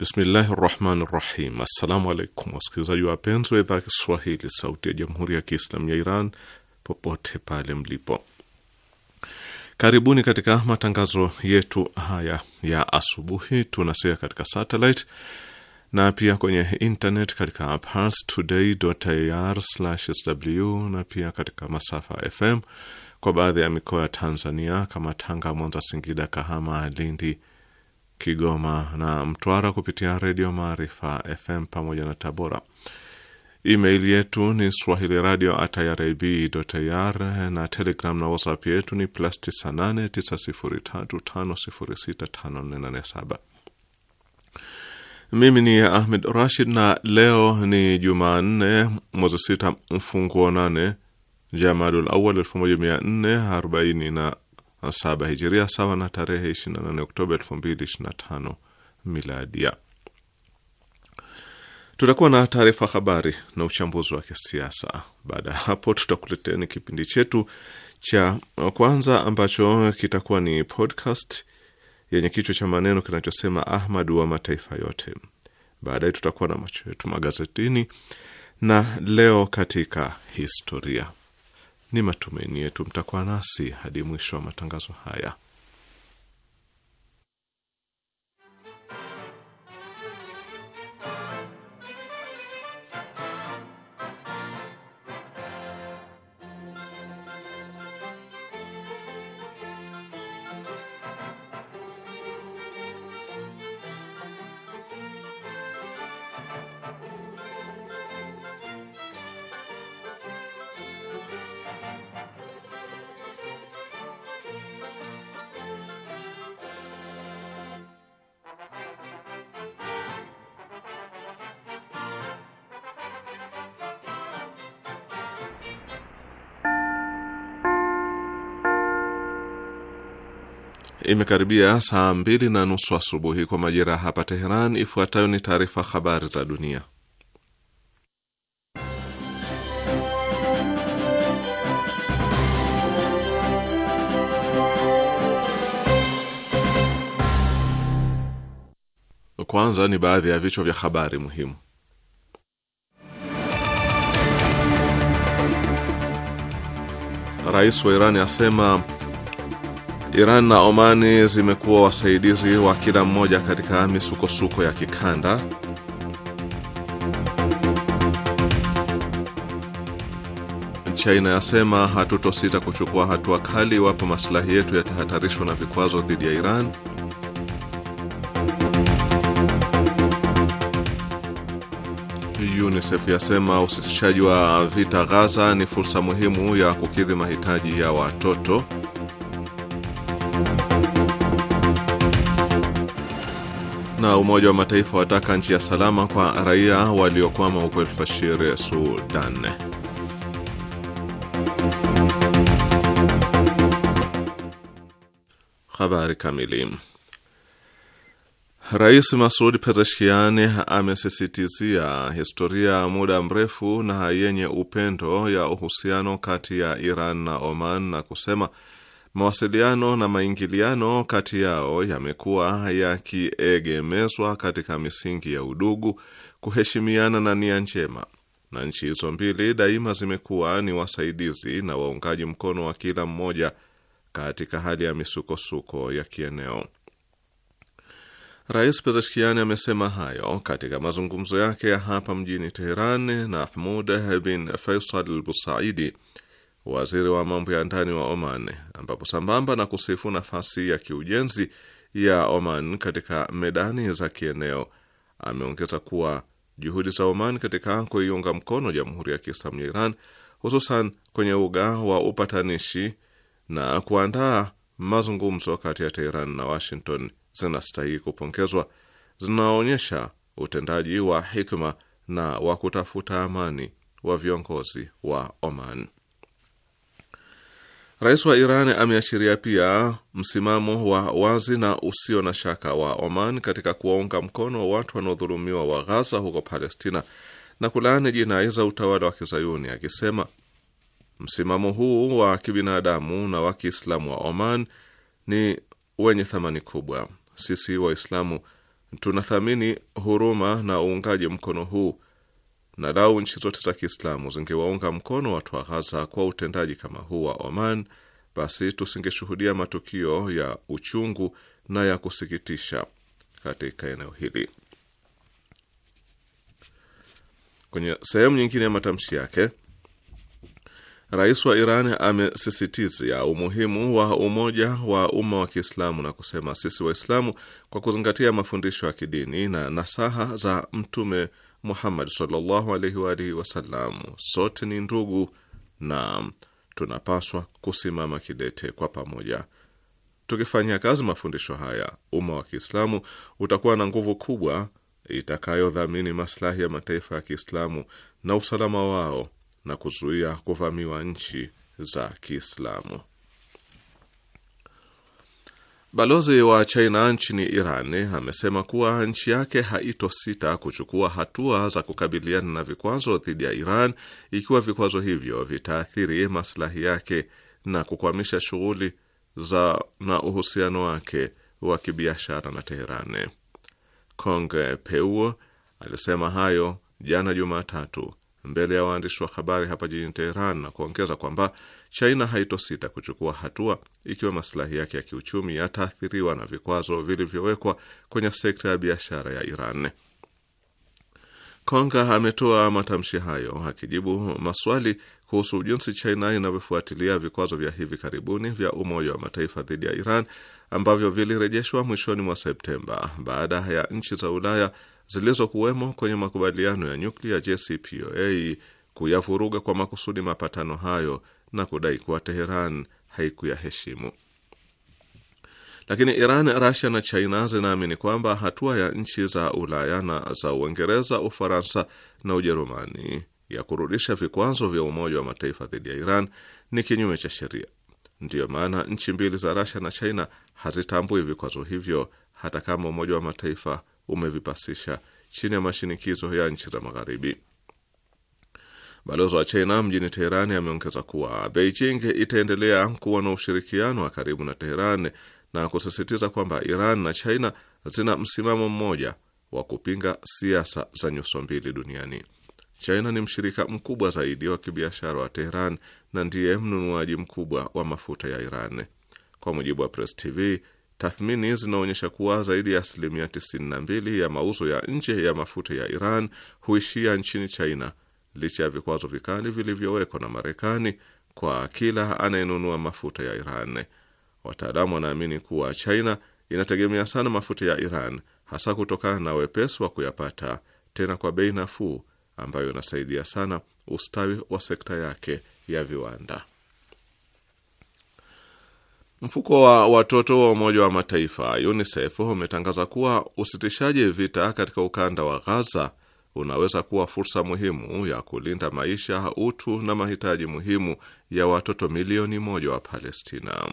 Bismillahi rahmani rahim. Assalamu alaikum wasikilizaji wapenzi wa idhaa ya Kiswahili sauti ya jamhuri ya Kiislamu ya Iran popote pale mlipo, karibuni katika matangazo yetu haya ya asubuhi. Tunasikia katika satellite na pia kwenye internet katika parstoday.ir/sw na pia katika masafa FM kwa baadhi ya mikoa ya Tanzania kama Tanga, Mwanza, Singida, Kahama, Lindi, Kigoma na Mtwara kupitia Redio Maarifa FM pamoja na Tabora. Email yetu ni swahili radio at na Telegram na WhatsApp yetu ni plus 989035065487. Mimi ni Ahmed Rashid na leo ni Jumanne mwezi sita mfunguo nane Jamadul Awal elfu moja mia nne arobaini na saba hijiria sawa na tarehe 28 Oktoba 2025 miladia. Tutakuwa na taarifa habari na uchambuzi wa kisiasa. Baada ya hapo, tutakuleteani kipindi chetu cha kwanza ambacho kitakuwa ni podcast yenye kichwa cha maneno kinachosema Ahmad wa mataifa yote. Baadaye tutakuwa na macho yetu magazetini na leo katika historia. Ni matumaini yetu mtakuwa nasi hadi mwisho wa matangazo haya. Imekaribia saa mbili na nusu asubuhi kwa majira hapa Teheran. Ifuatayo ni taarifa habari za dunia. Kwanza ni baadhi ya vichwa vya habari muhimu. Rais wa Irani asema Iran na Omani zimekuwa wasaidizi wa kila mmoja katika misukosuko ya kikanda. China yasema hatutosita kuchukua hatua kali iwapo maslahi yetu yatahatarishwa na vikwazo dhidi ya Iran. UNICEF yasema usitishaji wa vita Gaza ni fursa muhimu ya kukidhi mahitaji ya watoto. na Umoja wa Mataifa wataka nchi ya salama kwa raia waliokwama huko Elfashir, Sudan. Habari kamili. Rais Masud Pezeshkian amesisitizia historia ya muda mrefu na yenye upendo ya uhusiano kati ya Iran na Oman na kusema mawasiliano na maingiliano kati yao yamekuwa yakiegemezwa katika misingi ya udugu, kuheshimiana na nia njema, na nchi hizo mbili daima zimekuwa ni wasaidizi na waungaji mkono wa kila mmoja katika hali ya misukosuko ya kieneo. Rais Pezeshkiani amesema hayo katika mazungumzo yake ya hapa mjini Teheran na Ahmud bin Faisal al Busaidi, waziri wa mambo ya ndani wa Oman, ambapo sambamba na kusifu nafasi ya kiujenzi ya Oman katika medani za kieneo, ameongeza kuwa juhudi za Oman katika kuiunga mkono Jamhuri ya Kiislamu ya Iran, hususan kwenye uga wa upatanishi na kuandaa mazungumzo kati ya Teheran na Washington, zinastahili kupongezwa. Zinaonyesha utendaji wa hikma na wa kutafuta amani wa viongozi wa Oman. Rais wa Iran ameashiria pia msimamo wa wazi na usio na shaka wa Oman katika kuwaunga mkono watu wanaodhulumiwa wa Ghaza huko Palestina na kulaani jinai za utawala wa Kizayuni, akisema msimamo huu wa kibinadamu na wa Kiislamu wa Oman ni wenye thamani kubwa. Sisi Waislamu tunathamini huruma na uungaji mkono huu na lau nchi zote za Kiislamu zingewaunga mkono watu wa Ghaza kwa utendaji kama huu wa Oman, basi tusingeshuhudia matukio ya uchungu na ya kusikitisha katika eneo hili. Kwenye sehemu nyingine ya matamshi yake, rais wa Iran amesisitizia umuhimu wa umoja wa umma wa Kiislamu na kusema, sisi Waislamu kwa kuzingatia mafundisho ya kidini na nasaha za Mtume Muhammad sallallahu alaihi wa alihi wasallam, sote ni ndugu na tunapaswa kusimama kidete kwa pamoja. tukifanyia kazi mafundisho haya, umma wa Kiislamu utakuwa na nguvu kubwa itakayodhamini maslahi ya mataifa ya Kiislamu na usalama wao na kuzuia kuvamiwa nchi za Kiislamu. Balozi wa China nchini Iran amesema kuwa nchi yake haitosita kuchukua hatua za kukabiliana na vikwazo dhidi ya Iran ikiwa vikwazo hivyo vitaathiri maslahi yake na kukwamisha shughuli za na uhusiano wake wa kibiashara na Teheran. Kong Peu alisema hayo jana Jumatatu mbele ya waandishi wa habari hapa jijini Teheran na kuongeza kwamba China haitosita kuchukua hatua ikiwa masilahi yake ya kiuchumi yataathiriwa na vikwazo vilivyowekwa kwenye sekta ya biashara ya Iran. Konga ametoa matamshi hayo akijibu maswali kuhusu jinsi China inavyofuatilia vikwazo vya hivi karibuni vya Umoja wa Mataifa dhidi ya Iran ambavyo vilirejeshwa mwishoni mwa Septemba baada ya nchi za Ulaya zilizokuwemo kwenye makubaliano ya nyuklia JCPOA kuyavuruga kwa makusudi mapatano hayo na kudai kuwa Teheran haikuyaheshimu. Lakini Iran, Rasia na China zinaamini kwamba hatua ya nchi za Ulaya na za Uingereza, Ufaransa na Ujerumani ya kurudisha vikwazo vya Umoja wa Mataifa dhidi ya Iran ni kinyume cha sheria. Ndiyo maana nchi mbili za Rasia na China hazitambui vikwazo hivyo hata kama Umoja wa Mataifa umevipasisha chini ya mashinikizo ya nchi za Magharibi. Balozi wa China mjini Teherani ameongeza kuwa Beijing itaendelea kuwa na ushirikiano wa karibu na Teheran na kusisitiza kwamba Iran na China zina msimamo mmoja wa kupinga siasa za nyuso mbili duniani. China ni mshirika mkubwa zaidi wa kibiashara wa Teheran na ndiye mnunuaji mkubwa wa mafuta ya Iran. Kwa mujibu wa Press TV, tathmini zinaonyesha kuwa zaidi ya asilimia 92 ya mauzo ya nje ya mafuta ya Iran huishia nchini China licha ya vikwazo vikali vilivyowekwa na Marekani kwa kila anayenunua mafuta ya Iran. Wataalamu wanaamini kuwa China inategemea sana mafuta ya Iran, hasa kutokana na wepesi wa kuyapata, tena kwa bei nafuu, ambayo inasaidia sana ustawi wa sekta yake ya viwanda. Mfuko wa watoto wa Umoja wa Mataifa UNICEF umetangaza kuwa usitishaji vita katika ukanda wa Ghaza unaweza kuwa fursa muhimu ya kulinda maisha, utu na mahitaji muhimu ya watoto milioni moja wa Palestina.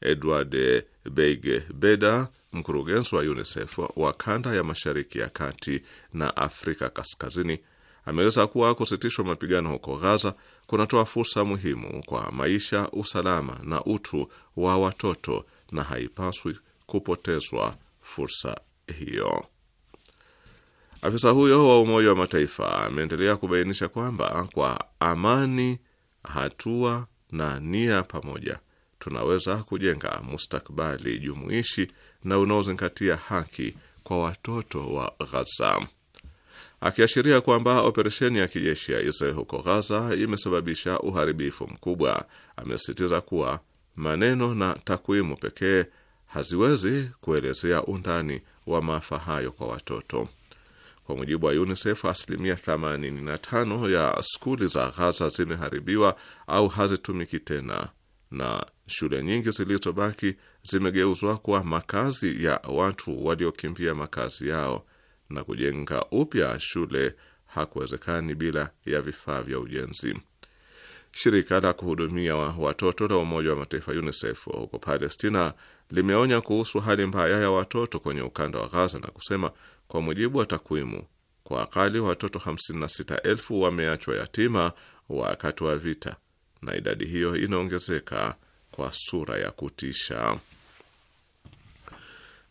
Edward Beige Beda, mkurugenzi wa UNICEF wa kanda ya Mashariki ya Kati na Afrika Kaskazini, ameeleza kuwa kusitishwa mapigano huko ghaza kunatoa fursa muhimu kwa maisha, usalama na utu wa watoto na haipaswi kupotezwa fursa hiyo. Afisa huyo wa Umoja wa Mataifa ameendelea kubainisha kwamba kwa amani, hatua na nia pamoja, tunaweza kujenga mustakbali jumuishi na unaozingatia haki kwa watoto wa Ghaza, akiashiria kwamba operesheni ya kijeshi ya Israel huko Ghaza imesababisha uharibifu mkubwa. Amesisitiza kuwa maneno na takwimu pekee haziwezi kuelezea undani wa maafa hayo kwa watoto. Kwa mujibu wa UNICEF, asilimia 85 ya skuli za Ghaza zimeharibiwa au hazitumiki tena na shule nyingi zilizobaki zimegeuzwa kuwa makazi ya watu waliokimbia makazi yao, na kujenga upya shule hakuwezekani bila ya vifaa vya ujenzi. Shirika la kuhudumia watoto la Umoja wa Mataifa UNICEF huko Palestina limeonya kuhusu hali mbaya ya watoto kwenye ukanda wa Gaza na kusema kwa mujibu wa takwimu, kwa akali watoto 56,000 wameachwa yatima wakati wa vita, na idadi hiyo inaongezeka kwa sura ya kutisha.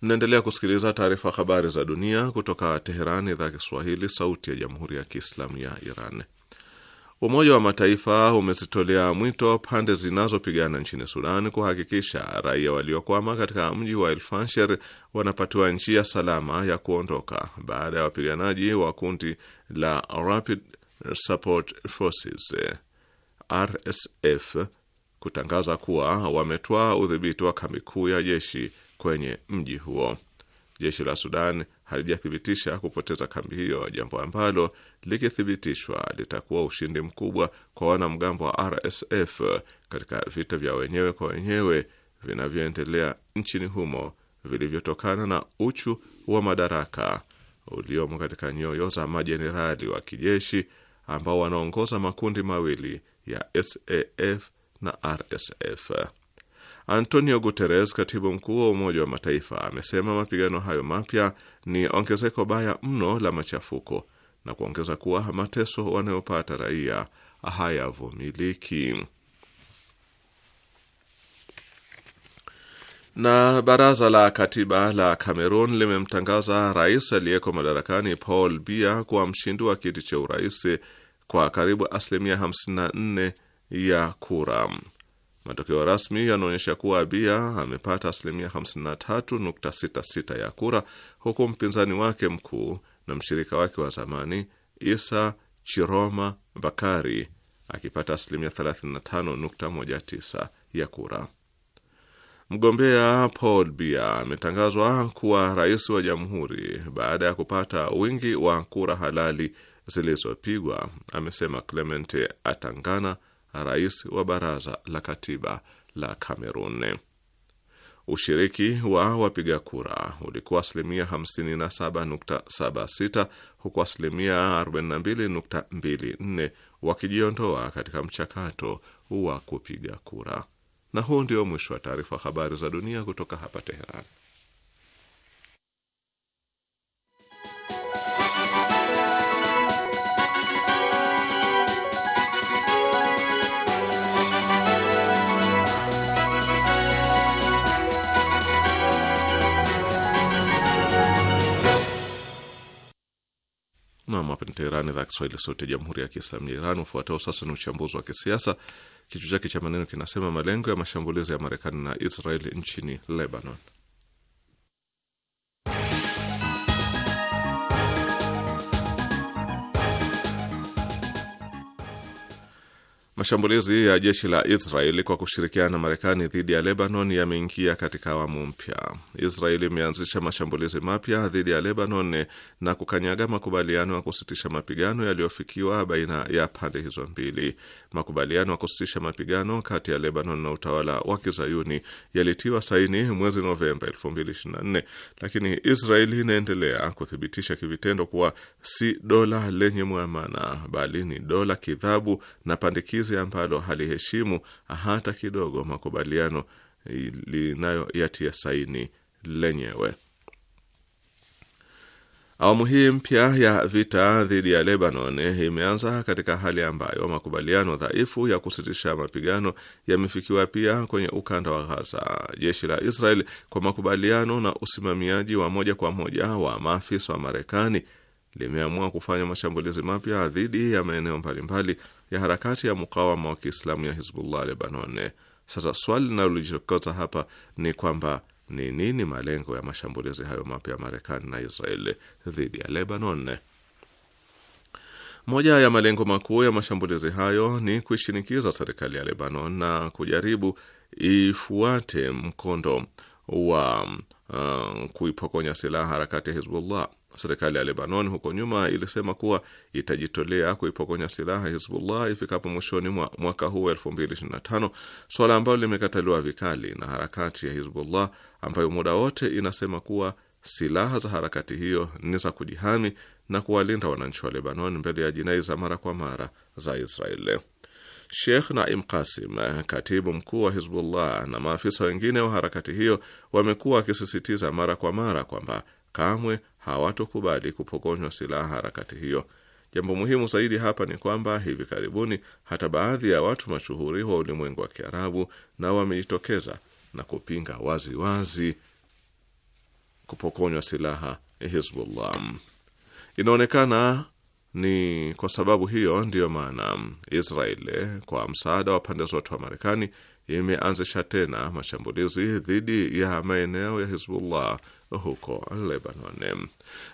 Mnaendelea kusikiliza taarifa habari za dunia kutoka Teherani, idhaa Kiswahili, sauti ya jamhuri ya kiislamu ya Iran. Umoja wa Mataifa umezitolea mwito pande zinazopigana nchini Sudan kuhakikisha raia waliokwama katika mji wa El Fasher wanapatiwa njia salama ya kuondoka baada ya wapiganaji wa kundi la Rapid Support Forces RSF kutangaza kuwa wametwaa udhibiti wa kambi kuu ya jeshi kwenye mji huo. Jeshi la Sudan halijathibitisha kupoteza kambi hiyo, jambo ambalo likithibitishwa litakuwa ushindi mkubwa kwa wanamgambo wa RSF katika vita vya wenyewe kwa wenyewe vinavyoendelea nchini humo vilivyotokana na uchu wa madaraka uliomo katika nyoyo za majenerali wa kijeshi ambao wanaongoza makundi mawili ya SAF na RSF. Antonio Guterres, katibu mkuu wa Umoja wa Mataifa, amesema mapigano hayo mapya ni ongezeko baya mno la machafuko na kuongeza kuwa mateso wanayopata raia hayavumiliki. Na baraza la katiba la Cameroon limemtangaza rais aliyeko madarakani Paul Biya kuwa mshindi wa kiti cha urais kwa karibu asilimia 54 ya kura. Matokeo rasmi yanaonyesha kuwa Abia amepata asilimia 53.66 ya kura, huku mpinzani wake mkuu na mshirika wake wa zamani Isa Chiroma Bakari akipata asilimia 35.19 ya kura. Mgombea Paul Bia ametangazwa kuwa rais wa jamhuri baada ya kupata wingi wa kura halali zilizopigwa, amesema Clement Atangana, rais wa baraza la katiba la Kamerun. Ushiriki wa wapiga kura ulikuwa asilimia 57.76 huku asilimia 42.24 wakijiondoa katika mchakato wa kupiga kura. Na huu ndio mwisho wa taarifa habari za dunia kutoka hapa Teheran. Nam, hapa ni Teherani, idhaa Kiswahili, sauti ya jamhuri ya kiislamu ya Iran. Ufuatao sasa ni uchambuzi wa kisiasa, kichwa chake cha maneno kinasema malengo ya mashambulizi ya Marekani na Israel nchini Lebanon. Mashambulizi ya jeshi la Israeli kwa kushirikiana na Marekani dhidi ya Lebanon yameingia katika awamu mpya. Israeli imeanzisha mashambulizi mapya dhidi ya Lebanon na kukanyaga makubaliano ya kusitisha mapigano yaliyofikiwa baina ya pande hizo mbili. Makubaliano ya kusitisha mapigano kati ya Lebanon na utawala wa kizayuni yalitiwa saini mwezi Novemba 2024 lakini Israeli inaendelea kuthibitisha kivitendo kuwa si dola lenye mwamana, bali ni dola kidhabu na pandikizi shambulizi ambalo haliheshimu hata kidogo makubaliano linayoyatia saini lenyewe. Awamu hii mpya ya vita dhidi ya Lebanon imeanza katika hali ambayo makubaliano dhaifu ya kusitisha mapigano yamefikiwa pia kwenye ukanda wa Ghaza. Jeshi la Israel kwa makubaliano na usimamiaji wa moja kwa moja wa maafisa wa Marekani limeamua kufanya mashambulizi mapya dhidi ya maeneo mbalimbali ya harakati ya mukawama wa Kiislamu ya Hizbullah Lebanon. Sasa swali linalojitokeza hapa ni kwamba ni nini malengo ya mashambulizi hayo mapya ya Marekani na Israeli dhidi ya Lebanon? Moja ya malengo makuu ya mashambulizi hayo ni kuishinikiza serikali ya Lebanon na kujaribu ifuate mkondo wa uh, kuipokonya silaha harakati ya Hizbullah. Serikali ya Lebanon huko nyuma ilisema kuwa itajitolea kuipokonya silaha Hizbullah ifikapo mwishoni mwa mwaka huu 2025, swala ambalo limekataliwa vikali na harakati ya Hizbullah ambayo muda wote inasema kuwa silaha za harakati hiyo ni za kujihami na kuwalinda wananchi wa Lebanon mbele ya jinai za mara kwa mara za Israeli. Sheikh Naim Qasim, katibu mkuu wa Hizbullah, na maafisa wengine wa harakati hiyo wamekuwa wakisisitiza mara kwa mara kwamba kamwe hawatokubali kupokonywa silaha harakati hiyo. Jambo muhimu zaidi hapa ni kwamba hivi karibuni hata baadhi ya watu mashuhuri wa ulimwengu wa Kiarabu nao wamejitokeza na kupinga waziwazi wazi kupokonywa silaha Hizbullah. Inaonekana ni kwa sababu hiyo ndiyo maana Israeli kwa msaada wa pande zote wa Marekani imeanzisha tena mashambulizi dhidi ya maeneo ya Hizbullah huko Lebanon.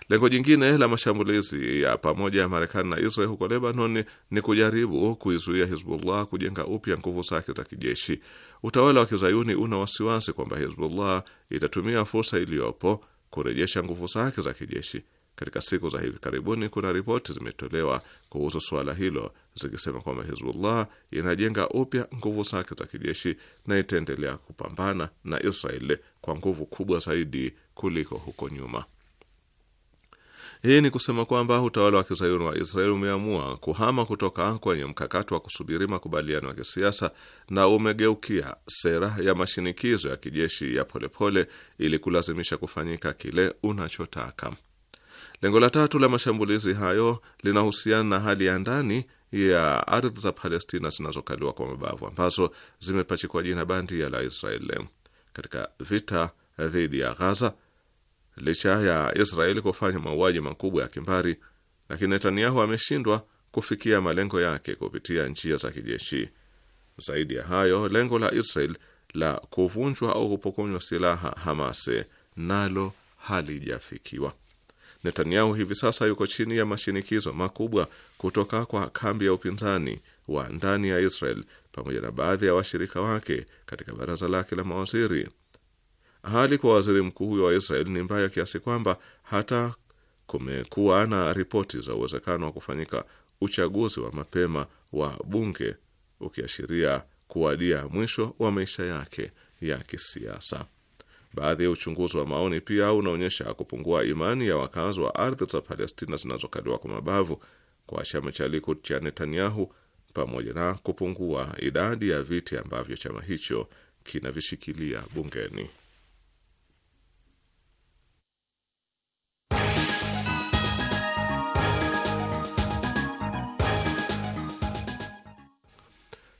Lengo jingine la mashambulizi ya pamoja ya Marekani na Israel huko Lebanon ni kujaribu kuizuia Hizbullah kujenga upya nguvu zake za kijeshi. Utawala wa kizayuni una wasiwasi kwamba Hizbullah itatumia fursa iliyopo kurejesha nguvu zake za kijeshi katika siku za hivi karibuni kuna ripoti zimetolewa kuhusu suala hilo zikisema kwamba Hizbullah inajenga upya nguvu zake za kijeshi na itaendelea kupambana na israel kwa nguvu kubwa zaidi kuliko huko nyuma. Hii ni kusema kwamba utawala wa kizayuni wa israel umeamua kuhama kutoka kwenye mkakati wa kusubiri makubaliano ya kisiasa na umegeukia sera ya mashinikizo ya kijeshi ya polepole ili kulazimisha kufanyika kile unachotaka. Lengo la tatu la mashambulizi hayo linahusiana na hali ya ndani ya ardhi za Palestina zinazokaliwa kwa mabavu ambazo zimepachikwa jina bandia la Israel katika vita dhidi ya Ghaza. Licha ya Israeli kufanya mauaji makubwa ya kimbari, lakini Netanyahu ameshindwa kufikia malengo yake kupitia njia za kijeshi. Zaidi ya hayo, lengo la Israel la kuvunjwa au kupokonywa silaha Hamas nalo halijafikiwa. Netanyahu hivi sasa yuko chini ya mashinikizo makubwa kutoka kwa kambi ya upinzani wa ndani ya Israel pamoja na baadhi ya washirika wake katika baraza lake la mawaziri. Hali kwa waziri mkuu huyo wa Israel ni mbaya kiasi kwamba hata kumekuwa na ripoti za uwezekano wa kufanyika uchaguzi wa mapema wa bunge ukiashiria kuwadia mwisho wa maisha yake ya kisiasa. Baadhi ya uchunguzi wa maoni pia unaonyesha kupungua imani ya wakazi wa ardhi za Palestina zinazokaliwa kwa mabavu kwa chama cha Likud cha Netanyahu, pamoja na kupungua idadi ya viti ambavyo chama hicho kinavishikilia bungeni.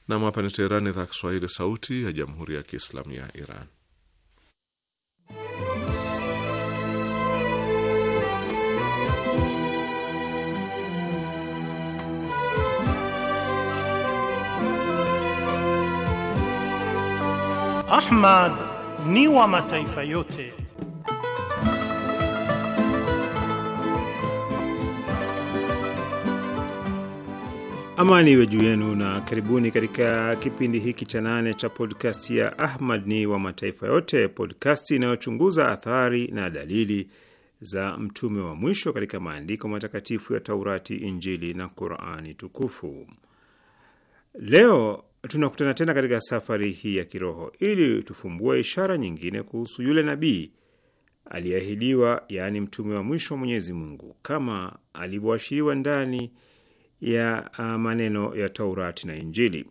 Nam, hapa ni Teherani, idhaa Kiswahili, sauti ya jamhuri ya kiislamu ya Iran. Ahmad ni wa mataifa yote. Amani iwe juu yenu na karibuni katika kipindi hiki cha nane cha podkasti ya Ahmad ni wa mataifa yote, podkasti inayochunguza athari na dalili za mtume wa mwisho katika maandiko matakatifu ya Taurati, Injili na Qurani Tukufu. Leo tunakutana tena katika safari hii ya kiroho ili tufumbue ishara nyingine kuhusu yule nabii aliyeahidiwa, yaani mtume wa mwisho wa Mwenyezi Mungu, kama alivyoashiriwa ndani ya ah, maneno ya Taurati na Injili.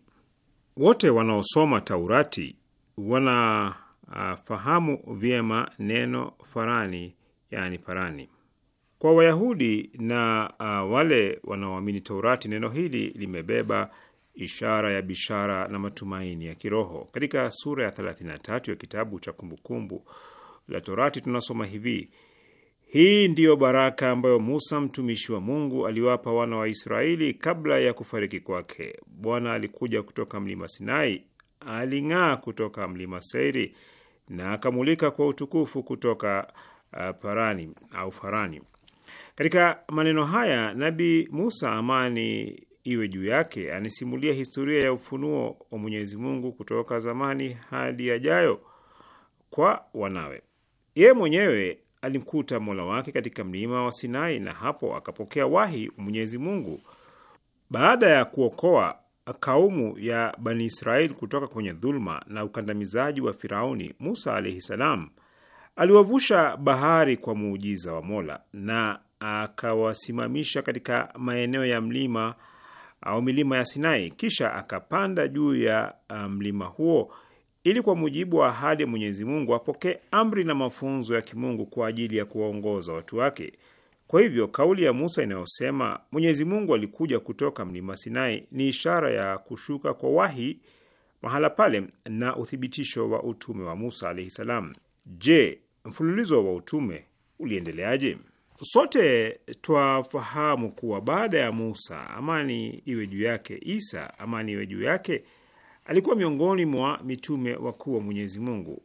Wote wanaosoma Taurati wanafahamu ah, vyema neno farani, yaani parani. Kwa Wayahudi na ah, wale wanaoamini Taurati, neno hili limebeba ishara ya bishara na matumaini ya kiroho. Katika sura ya 33 ya kitabu cha Kumbukumbu la Torati tunasoma hivi: hii ndiyo baraka ambayo Musa mtumishi wa Mungu aliwapa wana wa Israeli kabla ya kufariki kwake. Bwana alikuja kutoka mlima Sinai, aling'aa kutoka mlima Seiri na akamulika kwa utukufu kutoka uh, parani au farani. Katika maneno haya Nabii Musa, amani iwe juu yake. Anisimulia historia ya ufunuo wa Mwenyezi Mungu kutoka zamani hadi yajayo kwa wanawe. Yeye mwenyewe alimkuta Mola wake katika mlima wa Sinai na hapo akapokea wahi Mwenyezi Mungu baada ya kuokoa kaumu ya Bani Israeli kutoka kwenye dhuluma na ukandamizaji wa Firauni. Musa alaihi salam aliwavusha bahari kwa muujiza wa Mola na akawasimamisha katika maeneo ya mlima au milima ya Sinai, kisha akapanda juu ya uh, mlima huo ili kwa mujibu wa ahadi ya Mwenyezi Mungu apokee amri na mafunzo ya kimungu kwa ajili ya kuwaongoza watu wake. Kwa hivyo kauli ya Musa inayosema Mwenyezi Mungu alikuja kutoka mlima Sinai ni ishara ya kushuka kwa wahi mahala pale na uthibitisho wa utume wa Musa alaihi salam. Je, mfululizo wa utume uliendeleaje? Sote twafahamu kuwa baada ya Musa, amani iwe juu yake, Isa, amani iwe juu yake, alikuwa miongoni mwa mitume wakuu wa Mwenyezi Mungu.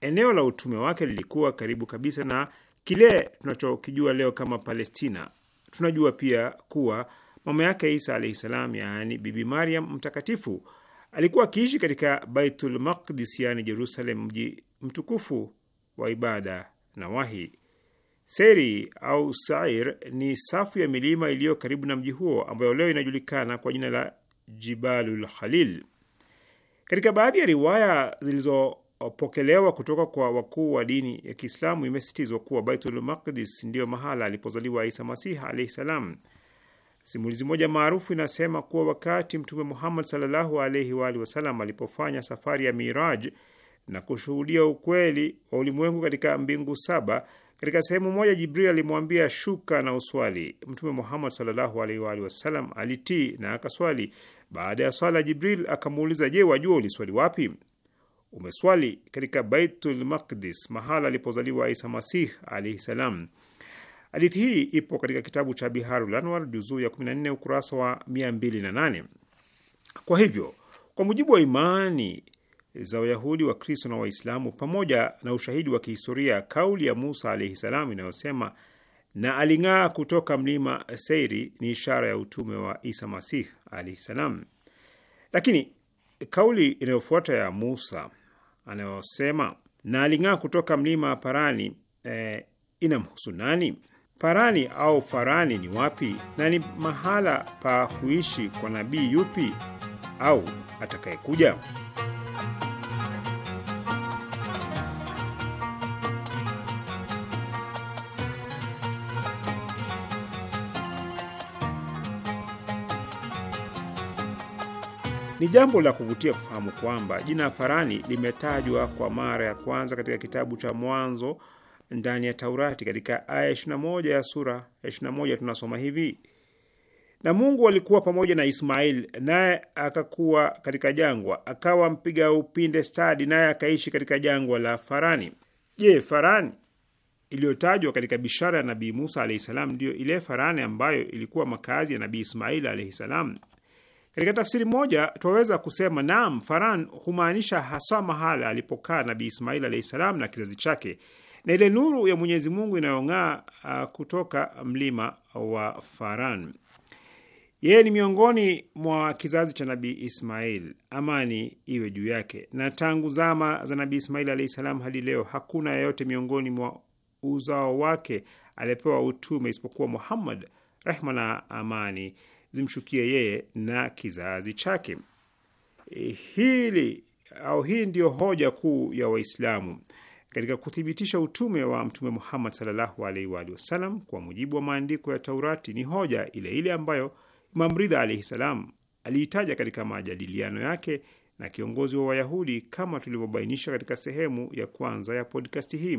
Eneo la utume wake lilikuwa karibu kabisa na kile tunachokijua leo kama Palestina. Tunajua pia kuwa mama yake Isa alahi salam, yaani Bibi Mariam Mtakatifu, alikuwa akiishi katika Baitul Maqdis, yaani Jerusalem, mji mtukufu wa ibada na wahi. Seri au Sair ni safu ya milima iliyo karibu na mji huo ambayo leo inajulikana kwa jina la Jibalul Khalil. Katika baadhi ya riwaya zilizopokelewa kutoka kwa wakuu wa dini ya Kiislamu imesitizwa kuwa Baitul Maqdis ndiyo mahala alipozaliwa Isa masih alaihi salam. Simulizi moja maarufu inasema kuwa wakati Mtume Muhammad sallallahu alaihi wa wasallam alipofanya safari ya Miraj na kushuhudia ukweli wa ulimwengu katika mbingu saba katika sehemu moja, Jibril alimwambia shuka na uswali. Mtume Muhammad sallallahu alaihi wa alihi wasallam alitii na akaswali. Baada ya swala, Jibril akamuuliza, je, wajua uliswali wapi? Umeswali katika Baitul Maqdis, mahala alipozaliwa Isa Masih alaihi salam. Hadithi hii ipo katika kitabu cha Biharul Anwar juzuu ya 14 ukurasa wa 208. Kwa hivyo, kwa mujibu wa imani za Wayahudi, Wakristo na Waislamu, pamoja na ushahidi wa kihistoria, kauli ya Musa alaihi salam inayosema na aling'aa kutoka mlima Seiri ni ishara ya utume wa Isa Masih alaihi salam. Lakini kauli inayofuata ya Musa anayosema na aling'aa kutoka mlima Parani eh, inamhusu nani? Parani au Farani ni wapi na ni mahala pa kuishi kwa nabii yupi au atakayekuja? Ni jambo la kuvutia kufahamu kwamba jina farani limetajwa kwa mara ya kwanza katika kitabu cha Mwanzo ndani ya Taurati. Katika aya 21 ya sura 21 tunasoma hivi: na Mungu alikuwa pamoja na Ismail, naye akakuwa katika jangwa, akawa mpiga upinde stadi, naye akaishi katika jangwa la Farani. Je, Farani iliyotajwa katika bishara ya Nabii Musa alahi salam ndiyo ile Farani ambayo ilikuwa makazi ya Nabii Ismail alahi salam? Katika tafsiri moja twaweza kusema naam, Faran humaanisha haswa mahala alipokaa nabi Ismail alahi salam na kizazi chake na ile nuru ya Mwenyezi Mungu inayong'aa uh, kutoka mlima wa Faran. Yeye ni miongoni mwa kizazi cha nabi Ismail, amani iwe juu yake, na tangu zama za nabi Ismail alahi salam hadi leo hakuna yeyote miongoni mwa uzao wake aliyepewa utume isipokuwa Muhammad, rehma na amani zimshukie yeye na kizazi chake. E, hili au hii ndiyo hoja kuu ya Waislamu katika kuthibitisha utume wa Mtume Muhammad sallallahu alaihi wa alihi wasallam kwa mujibu wa maandiko ya Taurati. Ni hoja ile ile ambayo Imam Ridha alaihi salam aliitaja katika majadiliano yake na kiongozi wa Wayahudi kama tulivyobainisha katika sehemu ya kwanza ya podkasti hii.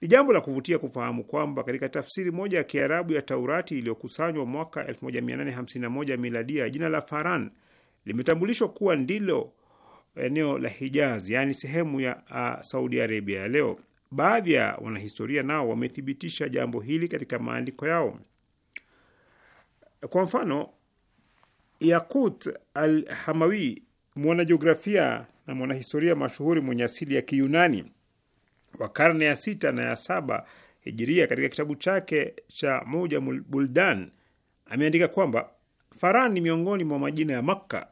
Ni jambo la kuvutia kufahamu kwamba katika tafsiri moja ya Kiarabu ya Taurati iliyokusanywa mwaka 1851 miladia, jina la Faran limetambulishwa kuwa ndilo eneo la Hijaz, yaani sehemu ya uh, Saudi Arabia ya leo. Baadhi ya wanahistoria nao wamethibitisha jambo hili katika maandiko yao. Kwa mfano, Yakut al Hamawi, mwanajiografia na mwanahistoria mashuhuri mwenye asili ya Kiyunani wa karne ya sita na ya saba hijiria, katika kitabu chake cha Muja Buldan ameandika kwamba Faran ni miongoni mwa majina ya Makka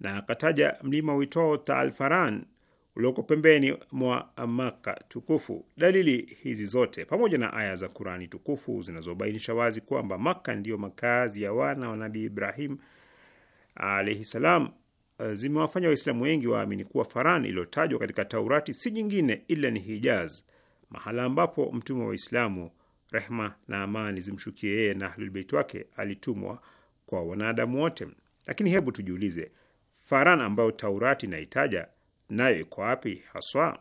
na akataja mlima uitwao Taal Faran ulioko pembeni mwa Makka tukufu. Dalili hizi zote pamoja na aya za Kurani tukufu zinazobainisha wazi kwamba Makka ndiyo makazi ya wana wa Nabii Ibrahim alaihi salam Eh, zimewafanya Waislamu wengi waamini kuwa Faran iliyotajwa katika Taurati si nyingine ila ni Hijaz, mahala ambapo mtume wa Waislamu, rehma na amani zimshukie yeye na Ahlulbeit wake, alitumwa kwa wanadamu wote. Lakini hebu tujiulize, Faran ambayo Taurati inaitaja nayo iko wapi haswa?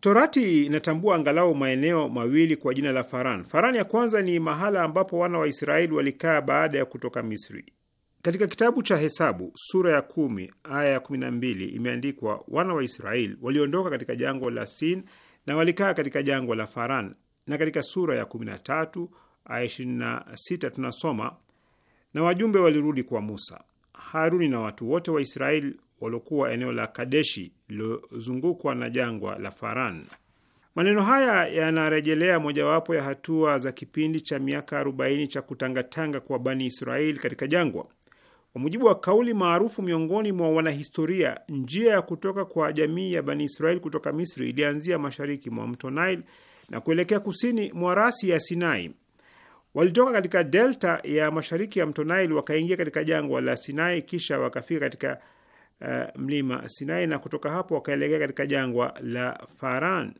Torati inatambua angalau maeneo mawili kwa jina la Faran. Faran ya kwanza ni mahala ambapo wana wa Israeli walikaa baada ya kutoka Misri. Katika kitabu cha Hesabu sura ya kumi aya ya kumi na mbili imeandikwa, wana wa Israel waliondoka katika jangwa la Sin na walikaa katika jangwa la Faran. Na katika sura ya kumi na tatu aya ishirini na sita tunasoma, na wajumbe walirudi kwa Musa, Haruni na watu wote wa Israeli waliokuwa eneo la Kadeshi lilozungukwa na jangwa la Faran. Maneno haya yanarejelea mojawapo ya hatua za kipindi cha miaka 40 cha kutangatanga kwa Bani Israeli katika jangwa. Kwa mujibu wa kauli maarufu miongoni mwa wanahistoria, njia ya kutoka kwa jamii ya Bani Israeli kutoka Misri ilianzia mashariki mwa mto Nile na kuelekea kusini mwa rasi ya Sinai. Walitoka katika delta ya mashariki ya mto Nile wakaingia katika jangwa la Sinai, kisha wakafika katika uh, mlima Sinai na kutoka hapo wakaelekea katika jangwa la Faran.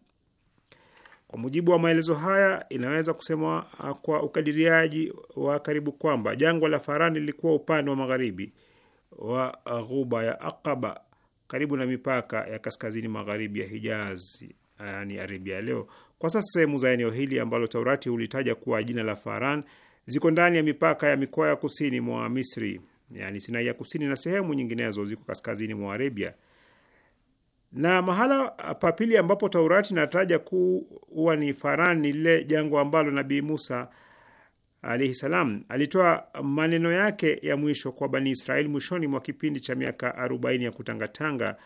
Kwa mujibu wa maelezo haya, inaweza kusema uh, kwa ukadiriaji wa karibu kwamba jangwa la faran lilikuwa upande wa magharibi wa uh, ghuba ya Aqaba karibu na mipaka ya kaskazini magharibi ya Hijazi, yani Arabia leo. Kwa sasa sehemu za eneo hili ambalo Taurati hulitaja kuwa jina la Faran ziko ndani ya mipaka ya mikoa ya kusini mwa Misri, yani Sinai ya kusini, na sehemu nyinginezo ziko kaskazini mwa Arabia na mahala uh, pa pili ambapo Taurati inataja kuwa ni Faran ni lile jangwa ambalo Nabii Musa alaihi salam alitoa maneno yake ya mwisho kwa Bani Israeli mwishoni mwa kipindi cha miaka arobaini ya kutangatanga.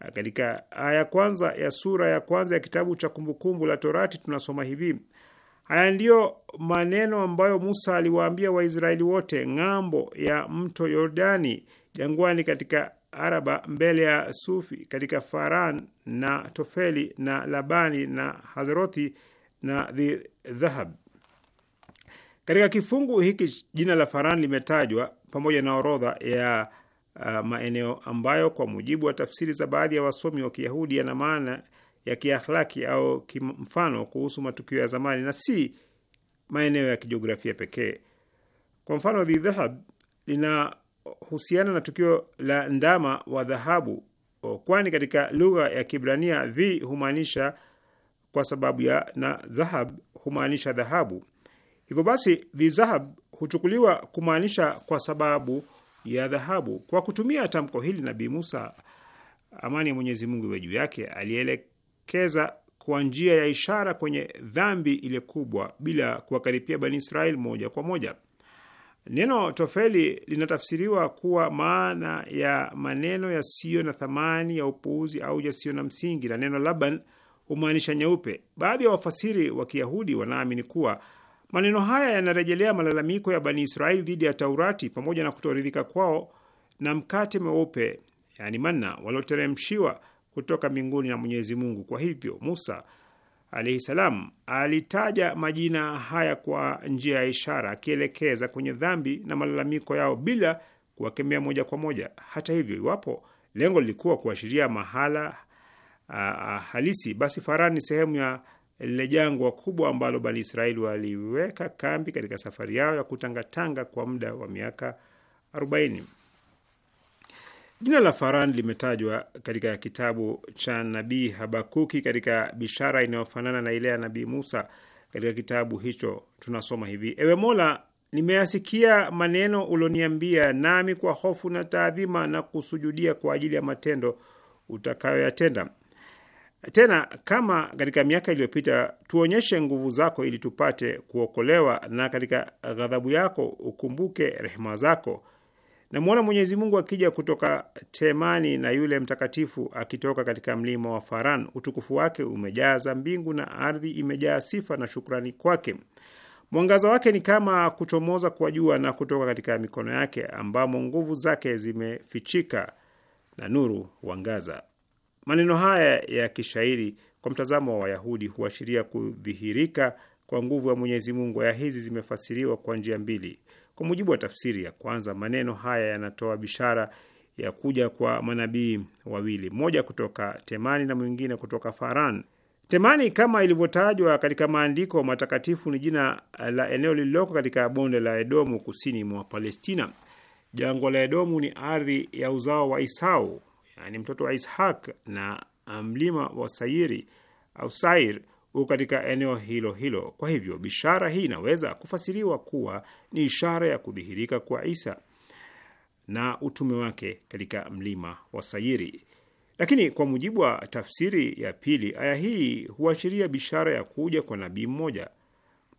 Uh, katika aya kwanza ya sura ya kwanza ya kitabu cha Kumbukumbu la Torati tunasoma hivi: haya ndiyo maneno ambayo Musa aliwaambia Waisraeli wote ng'ambo ya mto Yordani jangwani, katika Araba mbele ya Sufi katika Faran na Tofeli na Labani na Hazerothi na Dhahab. Katika kifungu hiki jina la Faran limetajwa pamoja na orodha ya uh, maeneo ambayo kwa mujibu wa tafsiri za baadhi ya wasomi wa Kiyahudi yana maana ya kiakhlaki au kimfano kuhusu matukio ya zamani na si maeneo ya kijiografia pekee. Kwa mfano, Dhahab lina husiana na tukio la ndama wa dhahabu, kwani katika lugha ya Kibrania vi humaanisha kwa sababu ya na dhahab humaanisha dhahabu. Hivyo basi vizahab huchukuliwa kumaanisha kwa sababu ya dhahabu. Kwa kutumia tamko hili, Nabii Musa, amani ya Mwenyezi Mungu iwe juu yake, alielekeza kwa njia ya ishara kwenye dhambi ile kubwa bila kuwakaripia Bani Israeli moja kwa moja. Neno tofeli linatafsiriwa kuwa maana ya maneno yasiyo na thamani ya upuuzi au yasiyo na msingi, na neno Laban humaanisha nyeupe. Baadhi ya wafasiri wa Kiyahudi wanaamini kuwa maneno haya yanarejelea malalamiko ya Bani Israeli dhidi ya Taurati pamoja na kutoridhika kwao na mkate mweupe, yani manna, walioteremshiwa kutoka mbinguni na Mwenyezi Mungu. Kwa hivyo Musa alaihi salam alitaja majina haya kwa njia ya ishara, akielekeza kwenye dhambi na malalamiko yao bila kuwakemea moja kwa moja. Hata hivyo, iwapo lengo lilikuwa kuashiria mahala a, a, halisi, basi Farani ni sehemu ya lile jangwa kubwa ambalo Bani Israeli waliweka kambi katika safari yao ya kutangatanga kwa muda wa miaka 40. Jina la Faran limetajwa katika kitabu cha nabii Habakuki katika bishara inayofanana na ile ya nabii Musa. Katika kitabu hicho tunasoma hivi: Ewe Mola, nimeyasikia maneno ulioniambia, nami kwa hofu na taadhima na kusujudia kwa ajili ya matendo utakayoyatenda. Tena kama katika miaka iliyopita, tuonyeshe nguvu zako ili tupate kuokolewa, na katika ghadhabu yako ukumbuke rehema zako Namwona Mwenyezi Mungu akija kutoka Temani na yule mtakatifu akitoka katika mlima wa Faran. Utukufu wake umejaza mbingu na ardhi imejaa sifa na shukrani kwake. Mwangaza wake ni kama kuchomoza kwa jua na kutoka katika mikono yake, ambamo nguvu zake zimefichika na nuru wangaza. Maneno haya ya kishairi kwa mtazamo wa Wayahudi huashiria kudhihirika kwa nguvu ya Mwenyezi Mungu. Aya hizi zimefasiriwa kwa njia mbili. Kwa mujibu wa tafsiri ya kwanza, maneno haya yanatoa bishara ya kuja kwa manabii wawili, mmoja kutoka Temani na mwingine kutoka Faran. Temani kama ilivyotajwa katika maandiko matakatifu ni jina la eneo lililoko katika bonde la Edomu kusini mwa Palestina. Jangwa la Edomu ni ardhi ya uzao wa Isau, yani mtoto wa Ishak, na mlima wa Sairi au Sair katika eneo hilo hilo. Kwa hivyo bishara hii inaweza kufasiriwa kuwa ni ishara ya kudhihirika kwa Isa na utume wake katika mlima wa Sayiri. Lakini kwa mujibu wa tafsiri ya pili, aya hii huashiria bishara ya kuja kwa nabii mmoja.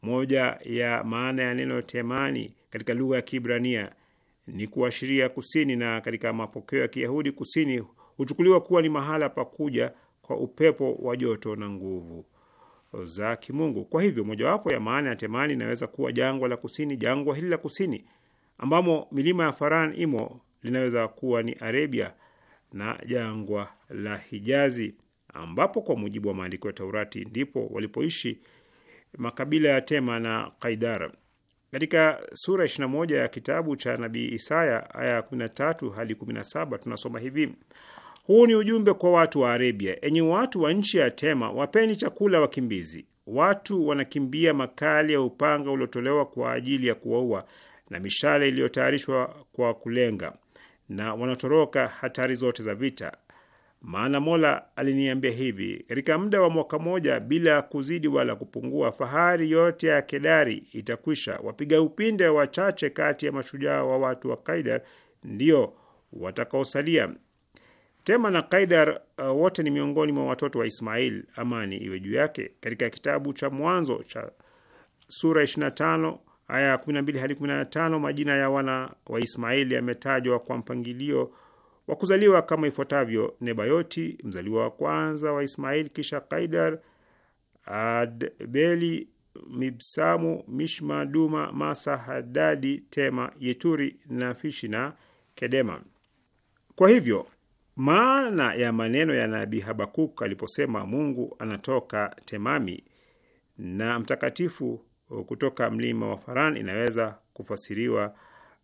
Moja ya maana ya neno Temani katika lugha ya kibrania ni kuashiria kusini, na katika mapokeo ya Kiyahudi kusini huchukuliwa kuwa ni mahala pa kuja kwa upepo wa joto na nguvu za kimungu. Kwa hivyo mojawapo ya maana ya Temani inaweza kuwa jangwa la kusini. Jangwa hili la kusini ambamo milima ya Faran imo linaweza kuwa ni Arabia na jangwa la Hijazi ambapo kwa mujibu wa maandiko ya Taurati ndipo walipoishi makabila ya Tema na Kaidara. Katika sura 21 ya kitabu cha nabii Isaya aya ya 13 hadi 17 tunasoma hivi: huu ni ujumbe kwa watu wa Arabia: enyi watu wa nchi ya Tema, wapeni chakula wakimbizi. Watu wanakimbia makali ya upanga uliotolewa kwa ajili ya kuwaua na mishale iliyotayarishwa kwa kulenga, na wanatoroka hatari zote za vita. Maana Mola aliniambia hivi: katika muda wa mwaka mmoja, bila kuzidi wala kupungua, fahari yote ya Kedari itakwisha. Wapiga upinde wachache kati ya mashujaa wa watu wa Kaidar ndio watakaosalia. Tema na Kaidar uh, wote ni miongoni mwa watoto wa Ismail, amani iwe juu yake. Katika kitabu cha Mwanzo cha sura 25 aya ya 12 hadi 15, majina ya wana wa Ismaili yametajwa kwa mpangilio wa kuzaliwa kama ifuatavyo: Nebayoti mzaliwa wa kwanza wa Ismail, kisha Kaidar, Adbeli, Mibsamu, Mishma, Duma, Masa, Hadadi, Tema, Yeturi, na Kedema. Kwa hivyo maana ya maneno ya nabii Habakuk aliposema Mungu anatoka Temami na mtakatifu uh, kutoka mlima wa Faran inaweza kufasiriwa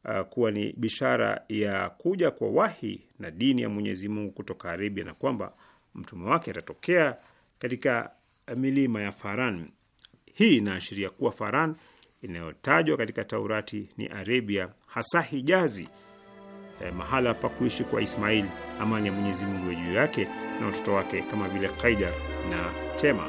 uh, kuwa ni bishara ya kuja kwa wahi na dini ya Mwenyezi Mungu kutoka Arabia na kwamba mtume wake atatokea katika milima ya Faran. Hii inaashiria kuwa Faran inayotajwa katika Taurati ni Arabia, hasa Hijazi eh, mahala pa kuishi kwa Ismail, amani ya Mwenyezi Mungu juu yake na watoto wake, kama vile Kaidar na Tema.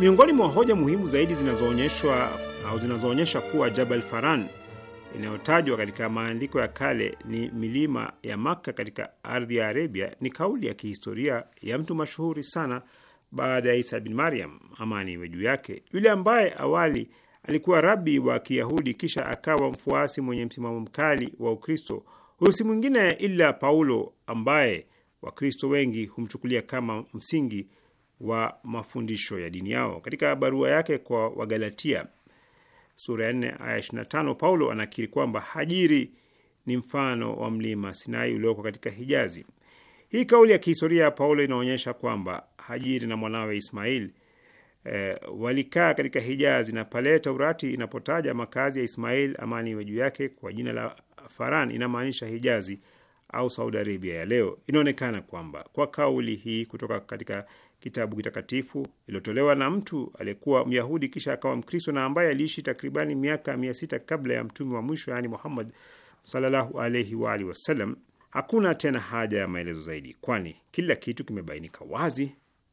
Miongoni mwa hoja muhimu zaidi zinazoonyeshwa au zinazoonyesha kuwa Jabal Faran inayotajwa katika maandiko ya kale ni milima ya Makka katika ardhi ya Arabia ni kauli ya kihistoria ya mtu mashuhuri sana baada ya Isa bin Maryam, amani iwe juu yake, yule ambaye awali alikuwa rabi wa Kiyahudi kisha akawa mfuasi mwenye msimamo mkali wa Ukristo. Huyu si mwingine ila Paulo ambaye Wakristo wengi humchukulia kama msingi wa mafundisho ya dini yao. Katika barua yake kwa Wagalatia sura ya 4 aya 25, Paulo anakiri kwamba Hajiri ni mfano wa mlima Sinai ulioko katika Hijazi. Hii kauli ya kihistoria ya Paulo inaonyesha kwamba Hajiri na mwanawe Ismail e, walikaa katika Hijazi, na pale Taurati inapotaja makazi ya Ismail, amani iwe juu yake, kwa jina la Faran, inamaanisha Hijazi au Saudi Arabia ya leo. Inaonekana kwamba kwa kauli hii kutoka katika kitabu kitakatifu iliyotolewa na mtu aliyekuwa Myahudi kisha akawa Mkristo na ambaye aliishi takribani miaka mia sita kabla ya mtume wa mwisho yaani Muhammad sallallahu alaihi wa alihi wasallam. Hakuna tena haja ya maelezo zaidi, kwani kila kitu kimebainika wazi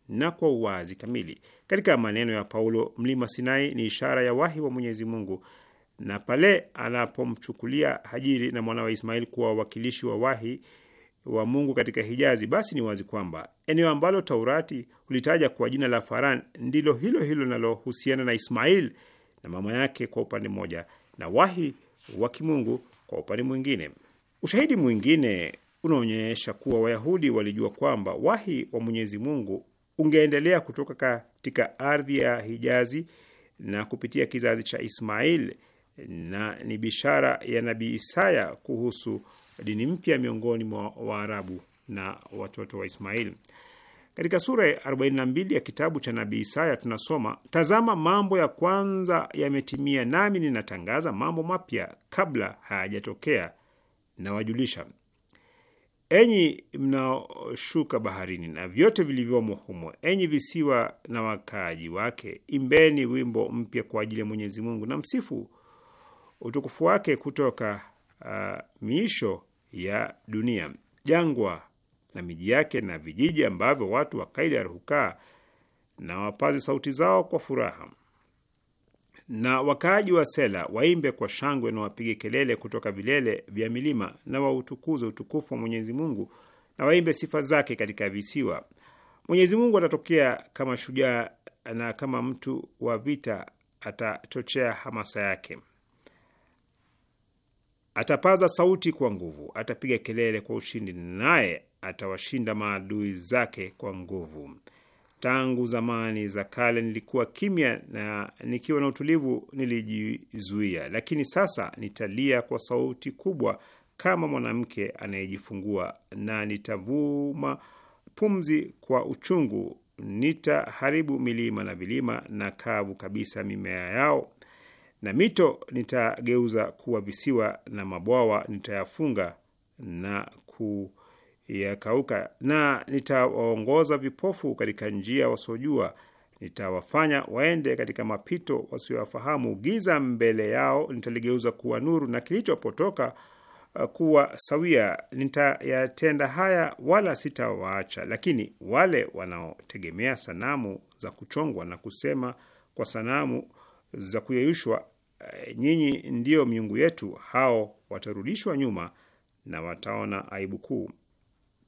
na kwa uwazi kamili katika maneno ya Paulo. Mlima Sinai ni ishara ya wahi wa Mwenyezi Mungu, na pale anapomchukulia Hajiri na wa Ismail kuwa wawakilishi wa wahi wa Mungu katika Hijazi, basi ni wazi kwamba eneo ambalo Taurati ulitaja kwa jina la Faran ndilo hilo hilo linalohusiana na Ismail na mama yake kwa upande mmoja na wahi wa kimungu kwa upande mwingine. Ushahidi mwingine unaonyesha kuwa Wayahudi walijua kwamba wahi wa Mwenyezi Mungu ungeendelea kutoka katika ardhi ya Hijazi na kupitia kizazi cha Ismail na ni bishara ya Nabii Isaya kuhusu dini mpya miongoni mwa Waarabu na watoto wa Ismail. Katika sura ya 42 ya kitabu cha nabii Isaya tunasoma, tazama mambo ya kwanza yametimia, nami ninatangaza mambo mapya kabla hayajatokea, nawajulisha enyi mnaoshuka baharini na vyote vilivyomo humo, enyi visiwa na wakaaji wake, imbeni wimbo mpya kwa ajili ya Mwenyezi Mungu na msifu utukufu wake kutoka uh, miisho ya dunia. Jangwa na miji yake na vijiji ambavyo watu wa Kaidar hukaa na wapaze sauti zao kwa furaha, na wakaaji wa Sela waimbe kwa shangwe na wapige kelele kutoka vilele vya milima, na wautukuze utukufu wa Mwenyezi Mungu na waimbe sifa zake katika visiwa. Mwenyezi Mungu atatokea kama shujaa na kama mtu wa vita, atachochea hamasa yake. Atapaza sauti kwa nguvu, atapiga kelele kwa ushindi, naye atawashinda maadui zake kwa nguvu. Tangu zamani za kale nilikuwa kimya, na nikiwa na utulivu nilijizuia, lakini sasa nitalia kwa sauti kubwa kama mwanamke anayejifungua, na nitavuma pumzi kwa uchungu. Nitaharibu milima na vilima na kavu kabisa mimea yao na mito nitageuza kuwa visiwa na mabwawa nitayafunga na kuyakauka, na nitawaongoza vipofu katika njia wasiojua, nitawafanya waende katika mapito wasiowafahamu Giza mbele yao nitaligeuza kuwa nuru, na kilichopotoka uh, kuwa sawia. Nitayatenda haya wala sitawaacha. Lakini wale wanaotegemea sanamu za kuchongwa na kusema kwa sanamu za kuyeyushwa Eh, nyinyi ndiyo miungu yetu, hao watarudishwa nyuma na wataona aibu kuu.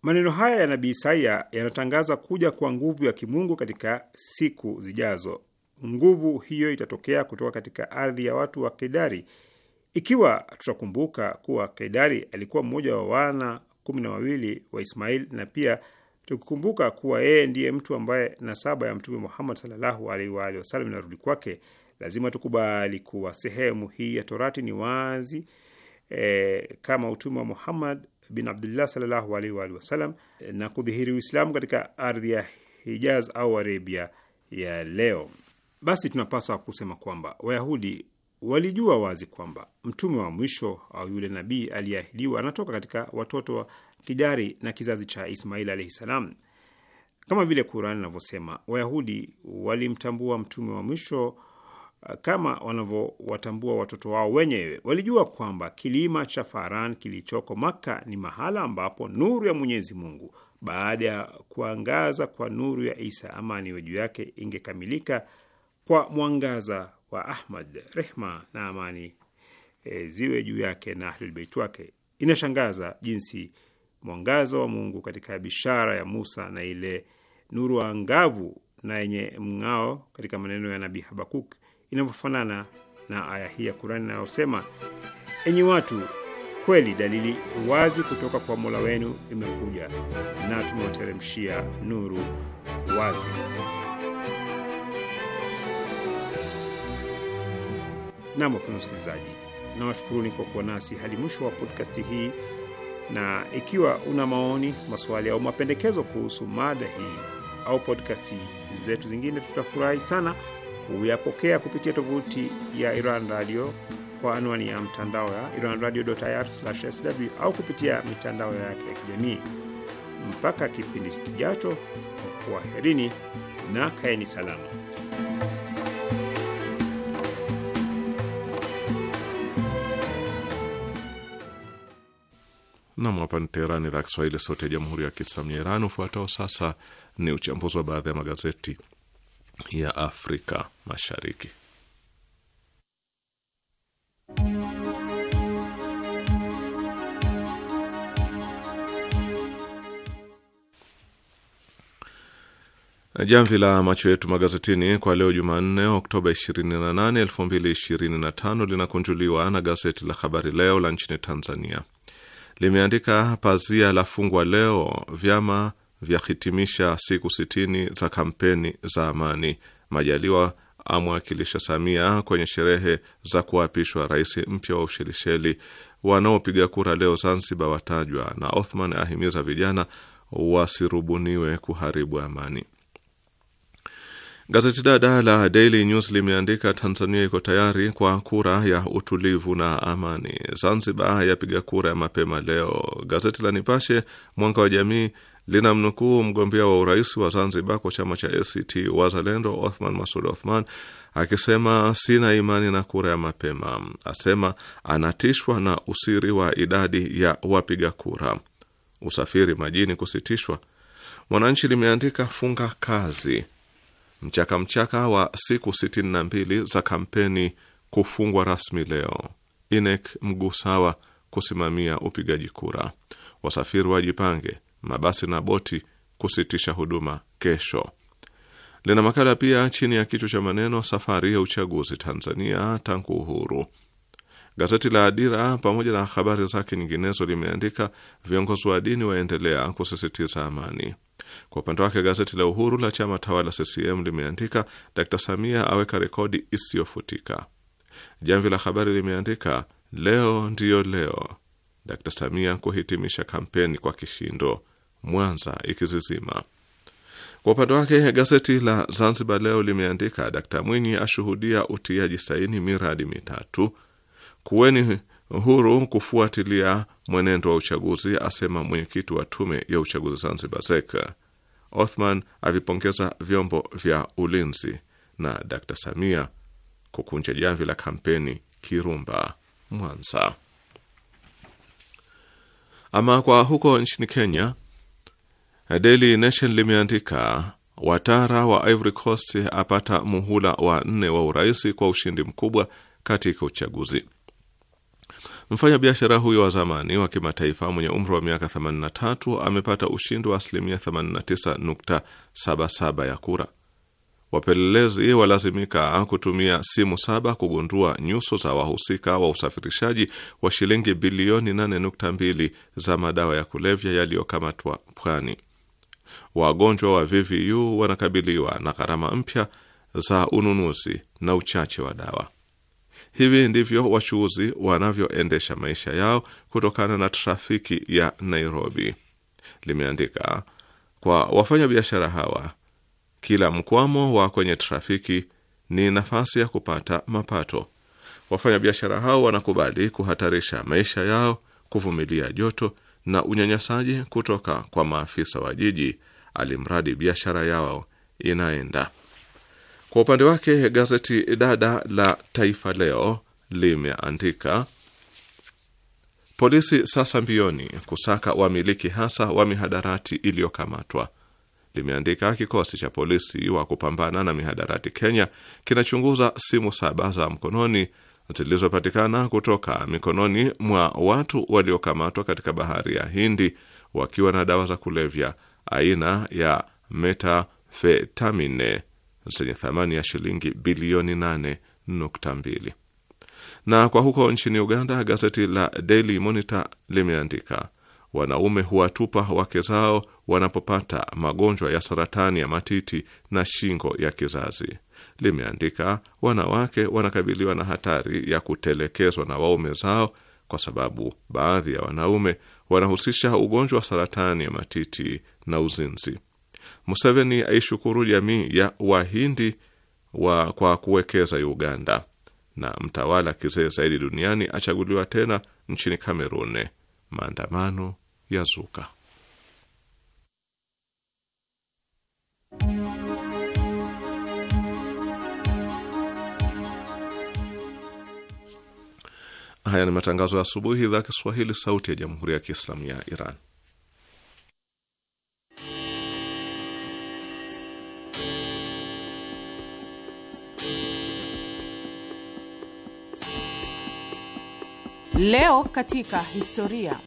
Maneno haya ya Nabii Isaia yanatangaza kuja kwa nguvu ya kimungu katika siku zijazo. Nguvu hiyo itatokea kutoka katika ardhi ya watu wa Kedari. Ikiwa tutakumbuka kuwa Kedari alikuwa mmoja wa wana kumi na wawili wa Ismail, na pia tukikumbuka kuwa yeye ndiye mtu ambaye nasaba ya Mtume Muhammad sallallahu alaihi wa alihi wasallam inarudi kwake Lazima tukubali kuwa sehemu hii ya Torati ni wazi e, kama utume wa Muhammad bin Abdullah sallallahu alaihi wa alihi wasallam eh, na kudhihiri Uislamu katika ardhi ya Hijaz au Arabia ya leo. Basi tunapaswa kusema kwamba Wayahudi walijua wazi kwamba mtume wa mwisho au yule nabii aliyeahidiwa anatoka katika watoto wa Kidari na kizazi cha Ismail alaihi salam. Kama vile Kurani inavyosema, Wayahudi walimtambua mtume wa mwisho kama wanavyowatambua watoto wao wenyewe. Walijua kwamba kilima cha Faran kilichoko Makka ni mahala ambapo nuru ya Mwenyezi Mungu baada ya kuangaza kwa nuru ya Isa, amani iwe juu yake, ingekamilika kwa mwangaza wa Ahmad, rehma na amani e, ziwe juu yake na ahlulbeit wake. Inashangaza jinsi mwangaza wa Mungu katika bishara ya Musa na ile nuru angavu na yenye mng'ao katika maneno ya Nabii Habakuk inavyofanana na aya hii ya Kurani inayosema: enyi watu, kweli dalili wazi kutoka kwa Mola wenu imekuja na tumewateremshia nuru wazi. Nam, wapenzi wasikilizaji, nawashukuruni kwa kuwa nasi hadi mwisho wa podkasti hii, na ikiwa una maoni, maswali au mapendekezo kuhusu mada hii au podkasti zetu zingine, tutafurahi sana huyapokea kupitia tovuti ya Iran Radio kwa anwani ya mtandao ya iranradio.ir/sw au kupitia mitandao yake ya kijamii. Mpaka kipindi kijacho, kwaherini na kaeni salama. Nam, hapa ni Teherani, idhaa Kiswahili, sauti ya jamhuri ya kiislamu ya Iran. Ufuatao sasa ni uchambuzi wa baadhi ya magazeti ya Afrika Mashariki. Jamvi la macho yetu magazetini kwa leo Jumanne, Oktoba 28, 2025 linakunjuliwa na gazeti la Habari Leo la nchini Tanzania. Limeandika pazia la fungwa leo, vyama vyahitimisha siku sitini za kampeni za amani. Majaliwa amwakilisha Samia kwenye sherehe za kuapishwa rais mpya wa Ushelisheli. Wanaopiga kura leo Zanzibar watajwa, na Othman ahimiza vijana wasirubuniwe kuharibu amani. Gazeti dada la Daily News limeandika Tanzania iko tayari kwa kura ya utulivu na amani. Zanzibar yapiga kura ya mapema leo. Gazeti la Nipashe Mwanga wa Jamii linamnukuu mgombea wa urais wa Zanzibar kwa chama cha ACT Wazalendo Othman Masud Othman akisema sina imani na kura ya mapema. Asema anatishwa na usiri wa idadi ya wapiga kura. Usafiri majini kusitishwa. Mwananchi limeandika funga kazi, mchaka mchaka wa siku 62 za kampeni kufungwa rasmi leo. INEC mgusawa kusimamia upigaji kura. Wasafiri wajipange mabasi na boti kusitisha huduma kesho. Lina makala pia chini ya kichwa cha maneno safari ya uchaguzi Tanzania tangu uhuru. Gazeti la adira pamoja na habari zake nyinginezo limeandika viongozi wa dini waendelea kusisitiza amani. Kwa upande wake gazeti la Uhuru la chama tawala CCM limeandika Dkt Samia aweka rekodi isiyofutika. Jamvi la Habari limeandika leo ndiyo leo, Dkt Samia kuhitimisha kampeni kwa kishindo. Mwanza ikizizima. Kwa upande wake gazeti la Zanzibar Leo limeandika Dkt Mwinyi ashuhudia utiaji saini miradi mitatu. Kuweni huru kufuatilia mwenendo wa uchaguzi, asema mwenyekiti wa tume ya uchaguzi Zanzibar ZEK. Othman avipongeza vyombo vya ulinzi na Dkt Samia kukunja jamvi la kampeni Kirumba, Mwanza. Ama kwa huko nchini Kenya Daily Nation limeandika Watara wa Ivory Coast apata muhula wa nne wa uraisi kwa ushindi mkubwa katika uchaguzi. Mfanyabiashara huyo wa zamani wa kimataifa mwenye umri wa miaka 83 amepata ushindi wa asilimia 89.77 ya kura. Wapelelezi walazimika kutumia simu saba kugundua nyuso za wahusika wa usafirishaji wa shilingi bilioni 8.2 za madawa ya kulevya yaliyokamatwa pwani wagonjwa wa VVU wanakabiliwa na gharama mpya za ununuzi na uchache wa dawa. Hivi ndivyo wachuuzi wanavyoendesha maisha yao kutokana na trafiki ya Nairobi, limeandika. Kwa wafanyabiashara hawa, kila mkwamo wa kwenye trafiki ni nafasi ya kupata mapato. Wafanyabiashara hao wanakubali kuhatarisha maisha yao, kuvumilia joto na unyanyasaji kutoka kwa maafisa wa jiji alimradi biashara yao inaenda. Kwa upande wake gazeti dada la Taifa Leo limeandika polisi sasa mbioni kusaka wamiliki hasa wa mihadarati iliyokamatwa. Limeandika kikosi cha polisi wa kupambana na mihadarati Kenya kinachunguza simu saba za mkononi zilizopatikana kutoka mikononi mwa watu waliokamatwa katika bahari ya Hindi wakiwa na dawa za kulevya aina ya metafetamine zenye thamani ya shilingi bilioni 8.2. Na kwa huko nchini Uganda, gazeti la Daily Monitor limeandika wanaume huwatupa wake zao wanapopata magonjwa ya saratani ya matiti na shingo ya kizazi. Limeandika wanawake wanakabiliwa na hatari ya kutelekezwa na waume zao kwa sababu baadhi ya wanaume wanahusisha ugonjwa wa saratani ya matiti na uzinzi. Museveni aishukuru jamii ya Wahindi wa kwa kuwekeza Uganda, na mtawala kizee zaidi duniani achaguliwa tena nchini Kamerun. Maandamano ya Haya ni matangazo ya asubuhi, idhaa Kiswahili, sauti ya jamhuri ya kiislamu ya Iran. Leo katika historia.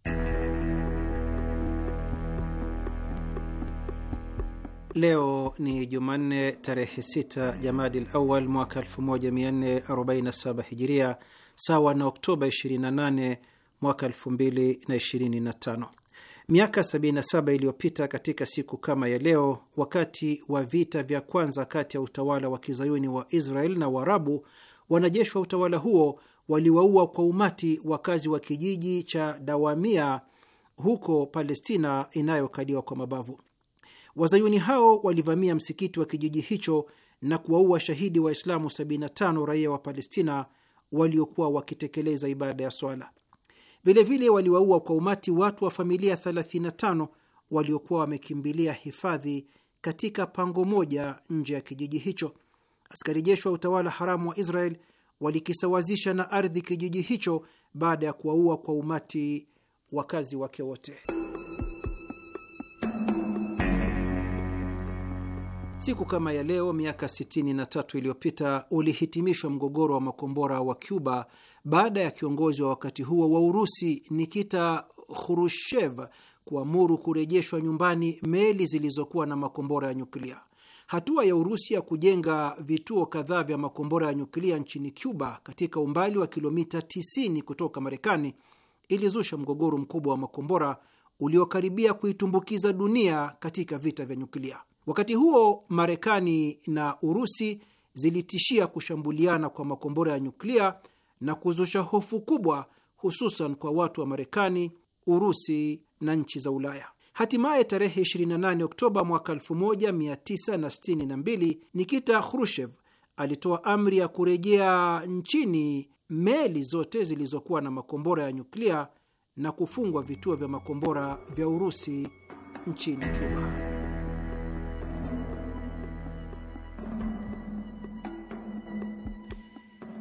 Leo ni Jumanne tarehe 6 Jamadil Awal mwaka 1447 Hijiria, sawa na Oktoba 28 mwaka 2025. Miaka 77 iliyopita katika siku kama ya leo, wakati wa vita vya kwanza kati ya utawala wa kizayuni wa Israel na Waarabu, wanajeshi wa utawala huo waliwaua kwa umati wakazi wa kijiji cha Dawamia huko Palestina inayokaliwa kwa mabavu. Wazayuni hao walivamia msikiti wa kijiji hicho na kuwaua shahidi Waislamu 75 raia wa Palestina waliokuwa wakitekeleza ibada ya swala. Vilevile waliwaua kwa umati watu wa familia 35 waliokuwa wamekimbilia hifadhi katika pango moja nje ya kijiji hicho. Askari jeshi wa utawala haramu wa Israel walikisawazisha na ardhi kijiji hicho baada ya kuwaua kwa umati wakazi wake wote. Siku kama ya leo miaka 63 iliyopita ulihitimishwa mgogoro wa makombora wa Cuba baada ya kiongozi wa wakati huo wa Urusi Nikita Khrushchev kuamuru kurejeshwa nyumbani meli zilizokuwa na makombora ya nyuklia. Hatua ya Urusi ya kujenga vituo kadhaa vya makombora ya nyuklia nchini Cuba katika umbali wa kilomita 90 kutoka Marekani ilizusha mgogoro mkubwa wa makombora uliokaribia kuitumbukiza dunia katika vita vya nyuklia. Wakati huo Marekani na Urusi zilitishia kushambuliana kwa makombora ya nyuklia na kuzusha hofu kubwa, hususan kwa watu wa Marekani, Urusi na nchi za Ulaya. Hatimaye tarehe 28 Oktoba mwaka 1962 Nikita Khrushchev alitoa amri ya kurejea nchini meli zote zilizokuwa na makombora ya nyuklia na kufungwa vituo vya makombora vya Urusi nchini Cuba.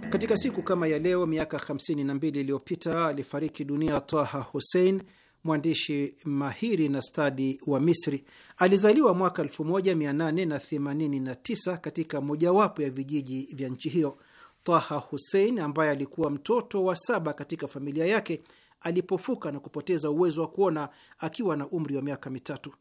Katika siku kama ya leo miaka 52 iliyopita alifariki dunia Taha Hussein, mwandishi mahiri na stadi wa Misri. Alizaliwa mwaka 1889 katika mojawapo ya vijiji vya nchi hiyo. Taha Hussein, ambaye alikuwa mtoto wa saba katika familia yake, alipofuka na kupoteza uwezo wa kuona akiwa na umri wa miaka mitatu.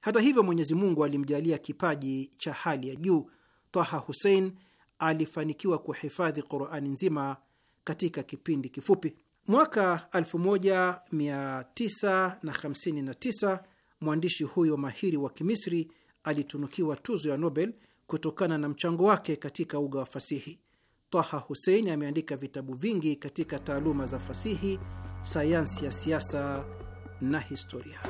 Hata hivyo, Mwenyezi Mungu alimjalia kipaji cha hali ya juu. Taha Hussein alifanikiwa kuhifadhi Qurani nzima katika kipindi kifupi. Mwaka 1959 mwandishi huyo mahiri wa Kimisri alitunukiwa tuzo ya Nobel kutokana na mchango wake katika uga wa fasihi. Taha Hussein ameandika vitabu vingi katika taaluma za fasihi, sayansi ya siasa na historia.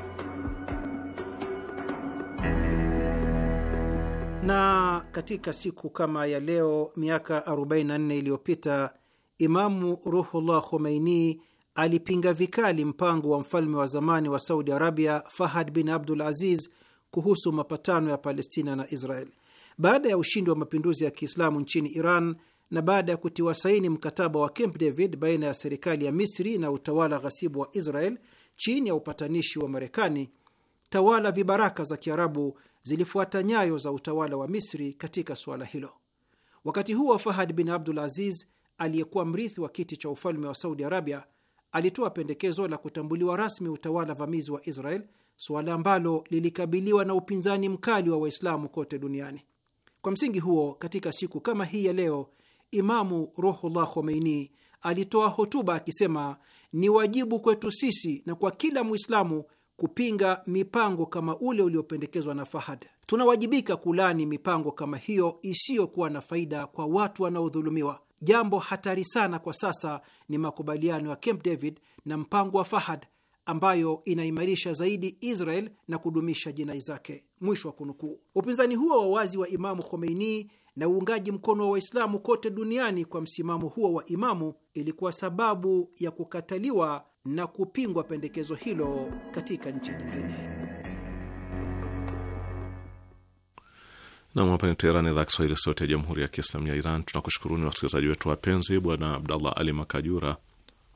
Na katika siku kama ya leo miaka 44 iliyopita Imamu Ruhullah Khomeini alipinga vikali mpango wa mfalme wa zamani wa Saudi Arabia Fahad bin Abdul Aziz kuhusu mapatano ya Palestina na Israel. Baada ya ushindi wa mapinduzi ya Kiislamu nchini Iran na baada ya kutiwa saini mkataba wa Camp David baina ya serikali ya Misri na utawala ghasibu wa Israel chini ya upatanishi wa Marekani, tawala vibaraka za Kiarabu zilifuata nyayo za utawala wa Misri katika suala hilo. Wakati huo, Fahad bin Abdul Aziz aliyekuwa mrithi wa kiti cha ufalme wa Saudi Arabia alitoa pendekezo la kutambuliwa rasmi utawala vamizi wa Israel, suala ambalo lilikabiliwa na upinzani mkali wa Waislamu kote duniani. Kwa msingi huo, katika siku kama hii ya leo, Imamu Ruhullah Khomeini alitoa hotuba akisema, ni wajibu kwetu sisi na kwa kila Mwislamu kupinga mipango kama ule uliopendekezwa na Fahad. Tunawajibika kulani mipango kama hiyo isiyokuwa na faida kwa watu wanaodhulumiwa. Jambo hatari sana kwa sasa ni makubaliano ya Camp David na mpango wa Fahad ambayo inaimarisha zaidi Israel na kudumisha jinai zake. Mwisho wa kunukuu. Upinzani huo wa wazi wa Imamu Khomeini na uungaji mkono wa Waislamu kote duniani kwa msimamo huo wa Imamu ilikuwa sababu ya kukataliwa na kupingwa pendekezo hilo katika nchi nyingine. Nam, hapa ni Teherani, idhaa Kiswahili sote ya Jamhuri ya Kiislamu ya Iran. Tunakushukuruni wasikilizaji wetu wapenzi, Bwana Abdallah Ali Makajura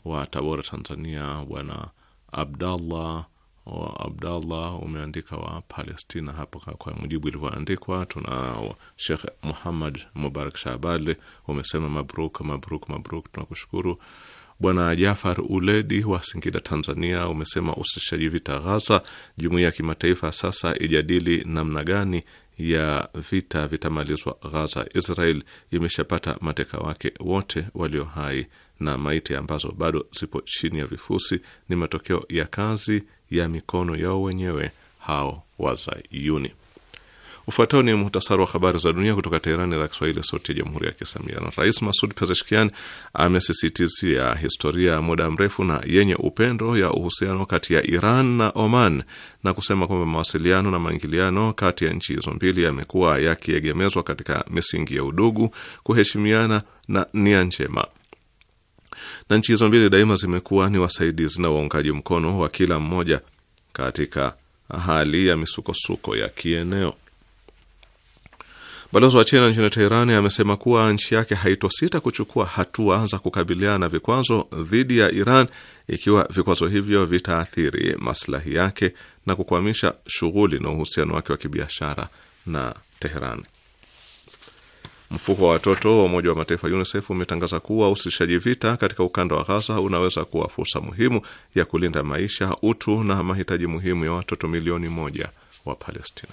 wa Tabora, Tanzania, Bwana Abdallah wa Abdallah umeandika wa Palestina hapo kwa mujibu ilivyoandikwa. Tuna Shekh Muhammad Mubarak Shabali umesema mabruk, mabruk, mabruk. Tunakushukuru. Bwana Jafar Uledi wa Singida, Tanzania, umesema usitishaji vita Ghaza, jumuiya ya kimataifa sasa ijadili namna gani ya vita vitamalizwa Ghaza. Israel imeshapata mateka wake wote walio hai na maiti ambazo bado zipo chini ya vifusi ni matokeo ya kazi ya mikono yao wenyewe hao Wazayuni. Ufuatao ni muhtasari wa habari za dunia kutoka Teherani, idhaa Kiswahili, sauti ya jamhuri ya Kiislamia. Rais Masud Pezeshkian amesisitizia historia ya muda mrefu na yenye upendo ya uhusiano kati ya Iran na Oman na kusema kwamba mawasiliano na maingiliano kati ya nchi hizo mbili yamekuwa yakiegemezwa katika misingi ya udugu, kuheshimiana na nia njema na nchi hizo mbili daima zimekuwa ni wasaidizi na waungaji mkono wa kila mmoja katika hali ya misukosuko ya kieneo. Balozi wa China nchini teheran amesema kuwa nchi yake haitosita kuchukua hatua za kukabiliana na vikwazo dhidi ya Iran ikiwa vikwazo hivyo vitaathiri maslahi yake na kukwamisha shughuli na uhusiano wake wa kibiashara na Teheran. Mfuko wa watoto wa Umoja wa Mataifa UNICEF umetangaza kuwa usitishaji vita katika ukanda wa Ghaza unaweza kuwa fursa muhimu ya kulinda maisha, utu na mahitaji muhimu ya watoto milioni moja wa Palestina